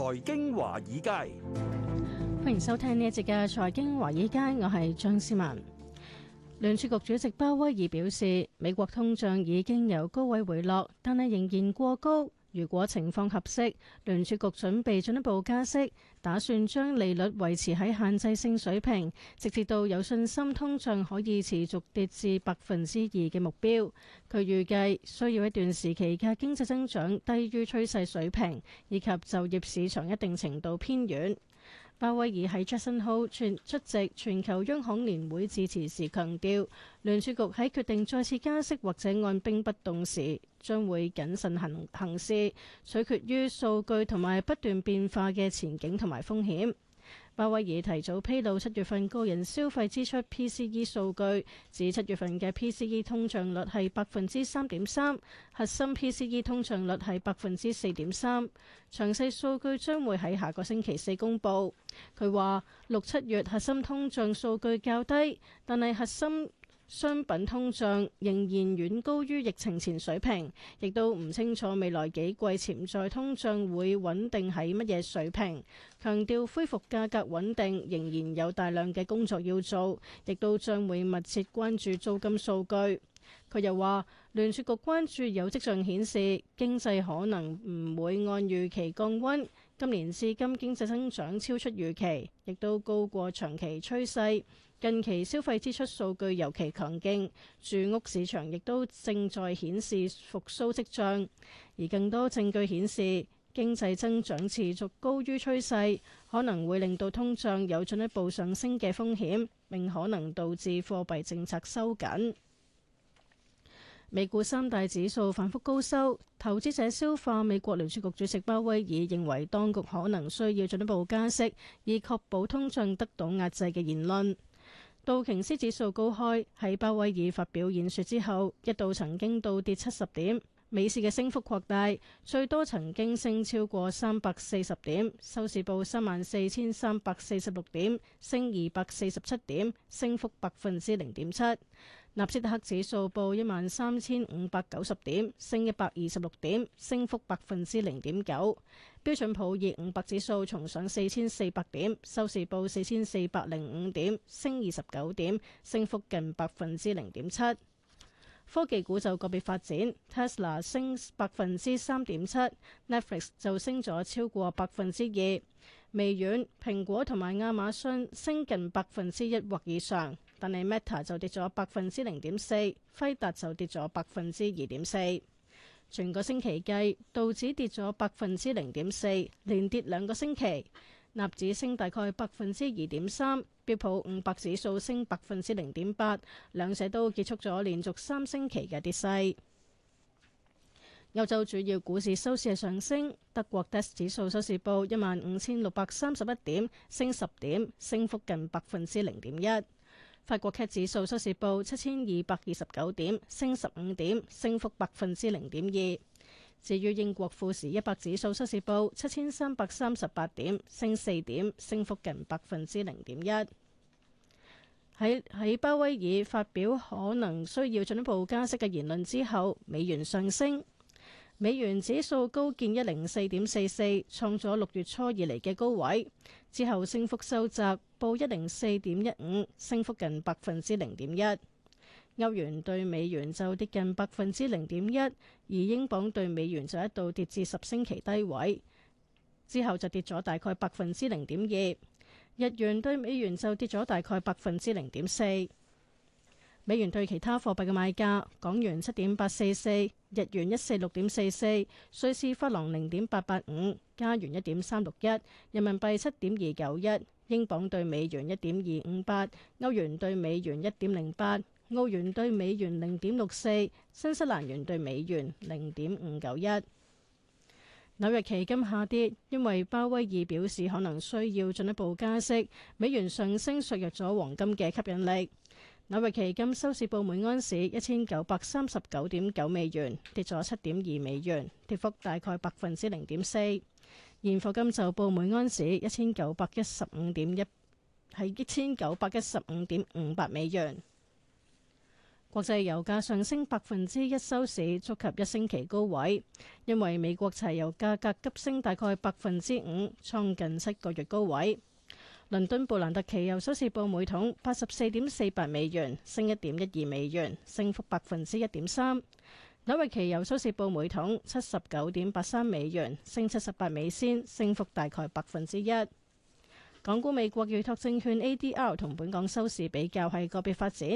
財經華爾街，歡迎收聽呢一節嘅財經華爾街，我係張思文。聯儲局主席鮑威爾表示，美國通脹已經由高位回落，但係仍然過高。如果情況合適，聯儲局準備進一步加息，打算將利率維持喺限制性水平，直至到有信心通脹可以持續跌至百分之二嘅目標。佢預計需要一段時期嘅經濟增長低於趨勢水平，以及就業市場一定程度偏軟。鮑威爾喺 Jackson Hole 出席全球央行年會致辭時強調，聯儲局喺決定再次加息或者按兵不動時，將會謹慎行行事，取決於數據同埋不斷變化嘅前景同埋風險。鮑威爾提早披露七月份個人消費支出 PCE 數據，指七月份嘅 PCE 通脹率係百分之三點三，核心 PCE 通脹率係百分之四點三。詳細數據將會喺下個星期四公佈。佢話六七月核心通脹數據較低，但係核心商品通脹仍然遠高於疫情前水平，亦都唔清楚未來幾季潛在通脹會穩定喺乜嘢水平。強調恢復價格穩定仍然有大量嘅工作要做，亦都將會密切關注租金數據。佢又話：聯儲局關注有跡象顯示經濟可能唔會按預期降溫。今年至今，經濟增長超出預期，亦都高過長期趨勢。近期消費支出數據尤其強勁，住屋市場亦都正在顯示復甦跡象。而更多證據顯示，經濟增長持續高於趨勢，可能會令到通脹有進一步上升嘅風險，並可能導致貨幣政策收緊。美股三大指數反覆高收，投資者消化美國聯儲局主席鮑威爾認為當局可能需要進一步加息，以確保通脹得到壓制嘅言論。道瓊斯指數高開，喺鮑威爾發表演說之後一度曾經倒跌七十點，美市嘅升幅擴大，最多曾經升超過三百四十點，收市報三萬四千三百四十六點，升二百四十七點，升幅百分之零點七。納斯達克指數報一萬三千五百九十點，升一百二十六點，升幅百分之零點九。標準普爾五百指數重上四千四百點，收市報四千四百零五點，升二十九點，升幅近百分之零點七。科技股就個別發展，Tesla 升百分之三點七，Netflix 就升咗超過百分之二，微軟、蘋果同埋亞馬遜升近百分之一或以上。但係 Meta 就跌咗百分之零點四，輝達就跌咗百分之二點四。全個星期計道指跌咗百分之零點四，連跌兩個星期。納指升大概百分之二點三，標普五百指數升百分之零點八，兩者都結束咗連續三星期嘅跌勢。歐洲主要股市收市上升，德國 DAX 指數收市報一萬五千六百三十一點，升十點，升幅近百分之零點一。法國 CAC 指數收市報七千二百二十九點，升十五點，升幅百分之零點二。至於英國富時一百指數收市報七千三百三十八點，升四點，升幅近百分之零點一。喺喺鮑威爾發表可能需要進一步加息嘅言論之後，美元上升，美元指數高見一零四點四四，創咗六月初以嚟嘅高位，之後升幅收窄。報一零四點一五，升幅近百分之零點一。歐元對美元就跌近百分之零點一，而英鎊對美元就一度跌至十星期低位，之後就跌咗大概百分之零點二。日元對美元就跌咗大概百分之零點四。美元對其他貨幣嘅賣價：港元七點八四四，日元一四六點四四，瑞士法郎零點八八五，加元一點三六一，人民幣七點二九一。英鎊對美元一點二五八，歐元對美元一點零八，澳元對美元零點六四，新西蘭元對美元零點五九一。紐約期金下跌，因為鮑威爾表示可能需要進一步加息，美元上升削弱咗黃金嘅吸引力。紐約期金收市報每安士一千九百三十九點九美元，跌咗七點二美元，跌幅大概百分之零點四。現貨金就報每安士一千九百一十五點一，係一千九百一十五點五八美元。國際油價上升百分之一收市，觸及一星期高位，因為美國柴油價格急升大概百分之五，創近七個月高位。倫敦布蘭特期油收市報每桶八十四點四八美元，升一點一二美元，升幅百分之一點三。紐約期油收市報每桶七十九點八三美元，升七十八美仙，升幅大概百分之一。港股美國預託證券 ADR 同本港收市比較係個別發展。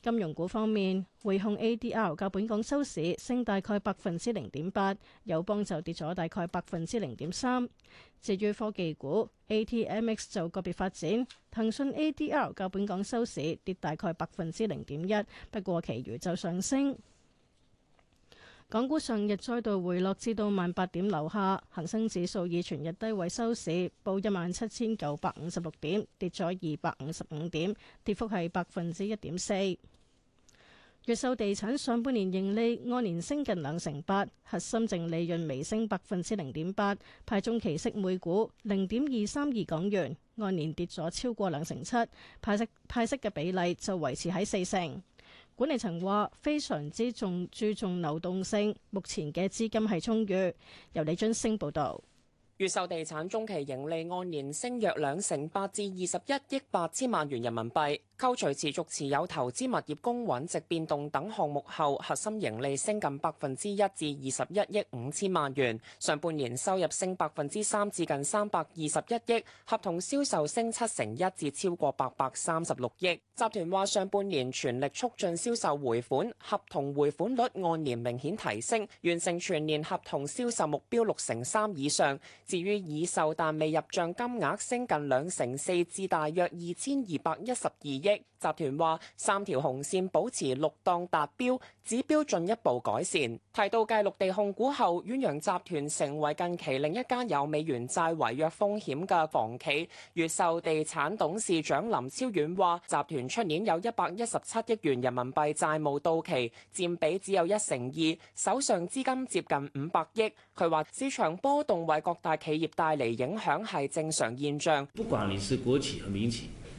金融股方面，匯控 ADR 較本港收市升大概百分之零點八，友邦就跌咗大概百分之零點三。至於科技股，ATMX 就個別發展，騰訊 ADR 較本港收市跌大概百分之零點一，不過其餘就上升。港股上日再度回落至到萬八點樓下，恒生指數以全日低位收市，報一萬七千九百五十六點，跌咗二百五十五點，跌幅係百分之一點四。越秀地產上半年盈利按年升近兩成八，核心淨利潤微升百分之零點八，派中期息每股零點二三二港元，按年跌咗超過兩成七，派息派息嘅比例就維持喺四成。管理層話非常之重注重流動性，目前嘅資金係充裕。由李俊升報道，越秀地產中期盈利按年升約兩成八至二十一億八千萬元人民幣。扣除持續持有投資物業公允值變動等項目後，核心盈利升近百分之一至二十一億五千萬元。上半年收入升百分之三至近三百二十一億，合同銷售升七成一至超過八百三十六億。集團話上半年全力促進銷售回款，合同回款率按年明顯提升，完成全年合同銷售目標六成三以上。至於已售但未入賬金額升近兩成四至大約二千二百一十二億。集團話三條紅線保持綠檔達標，指標進一步改善。提到繼綠地控股後，遠洋集團成為近期另一間有美元債違約風險嘅房企。越秀地產董事長林超遠話：集團出年有一百一十七億元人民幣債務到期，佔比只有一成二，手上資金接近五百億。佢話市場波動為各大企業帶嚟影響係正常現象。不管你是國企還是民企。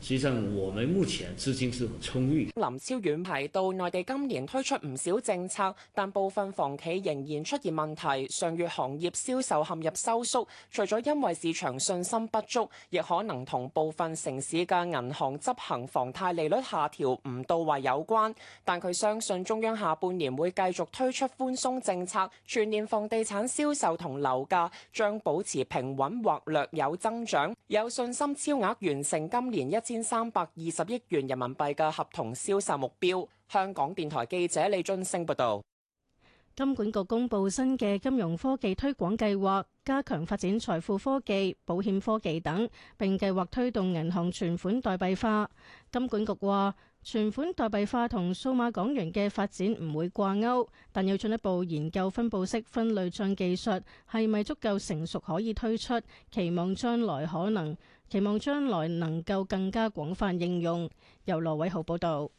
其實我們目前資金是很充裕。林超遠提到，內地今年推出唔少政策，但部分房企仍然出現問題，上月行業銷售陷入收縮，除咗因為市場信心不足，亦可能同部分城市嘅銀行執行房貸利率下調唔到位有關，但佢相信中央下半年會繼續推出寬鬆政策，全年房地產銷售同樓價將保持平穩或略有增長，有信心超額完成今年一千三百二十億元人民幣嘅合同銷售目標。香港電台記者李津升報導。金管局公布新嘅金融科技推廣計劃，加強發展財富科技、保險科技等，並計劃推動銀行存款代幣化。金管局話，存款代幣化同數碼港元嘅發展唔會掛鈎，但要進一步研究分布式分類賬技術，係咪足夠成熟可以推出，期望將來可能，期望將來能夠更加廣泛應用。由羅偉豪報道。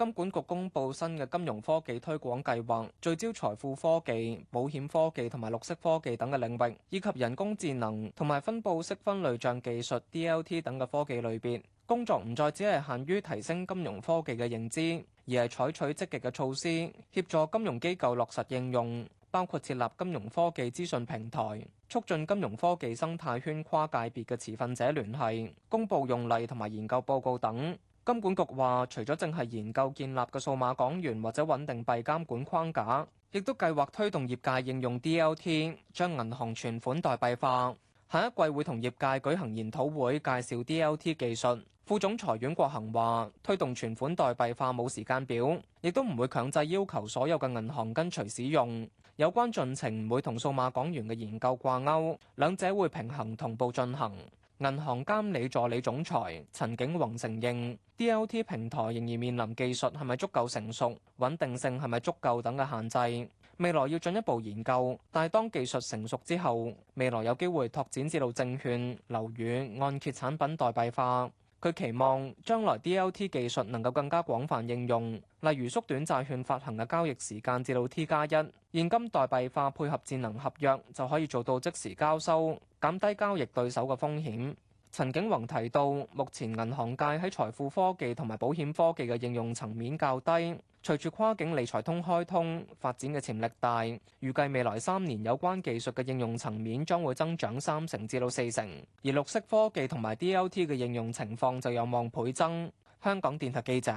金管局公布新嘅金融科技推廣計劃，聚焦財富科技、保險科技同埋綠色科技等嘅領域，以及人工智能同埋分布式分類賬技術 （DLT） 等嘅科技類別。工作唔再只係限於提升金融科技嘅認知，而係採取積極嘅措施，協助金融機構落實應用，包括設立金融科技資訊平台，促進金融科技生態圈跨界別嘅持份者聯繫，公布用例同埋研究報告等。金管局話除咗正係研究建立嘅數碼港元或者穩定幣監管框架，亦都計劃推動業界應用 DLT，將銀行存款代幣化。下一季會同業界舉行研討會介紹 DLT 技術。副總裁阮國恒話，推動存款代幣化冇時間表，亦都唔會強制要求所有嘅銀行跟隨使用。有關進程唔會同數碼港元嘅研究掛鈎，兩者會平衡同步進行。銀行監理助理總裁陳景宏承認，DLT 平台仍然面臨技術係咪足夠成熟、穩定性係咪足夠等嘅限制，未來要進一步研究。但係當技術成熟之後，未來有機會拓展至到證券、樓宇按揭產品代幣化。佢期望將來 DLT 技術能夠更加廣泛應用，例如縮短債券發行嘅交易時間至到 T 加一，現金代幣化配合智能合約就可以做到即時交收，減低交易對手嘅風險。陳景宏提到，目前銀行界喺財富科技同埋保險科技嘅應用層面較低。隨住跨境理財通開通，發展嘅潛力大，預計未來三年有關技術嘅應用層面將會增長三成至到四成，而綠色科技同埋 DLT 嘅應用情況就有望倍增。香港電台記者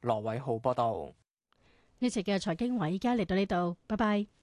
羅偉浩報道。呢次嘅財經華，依家嚟到呢度，拜拜。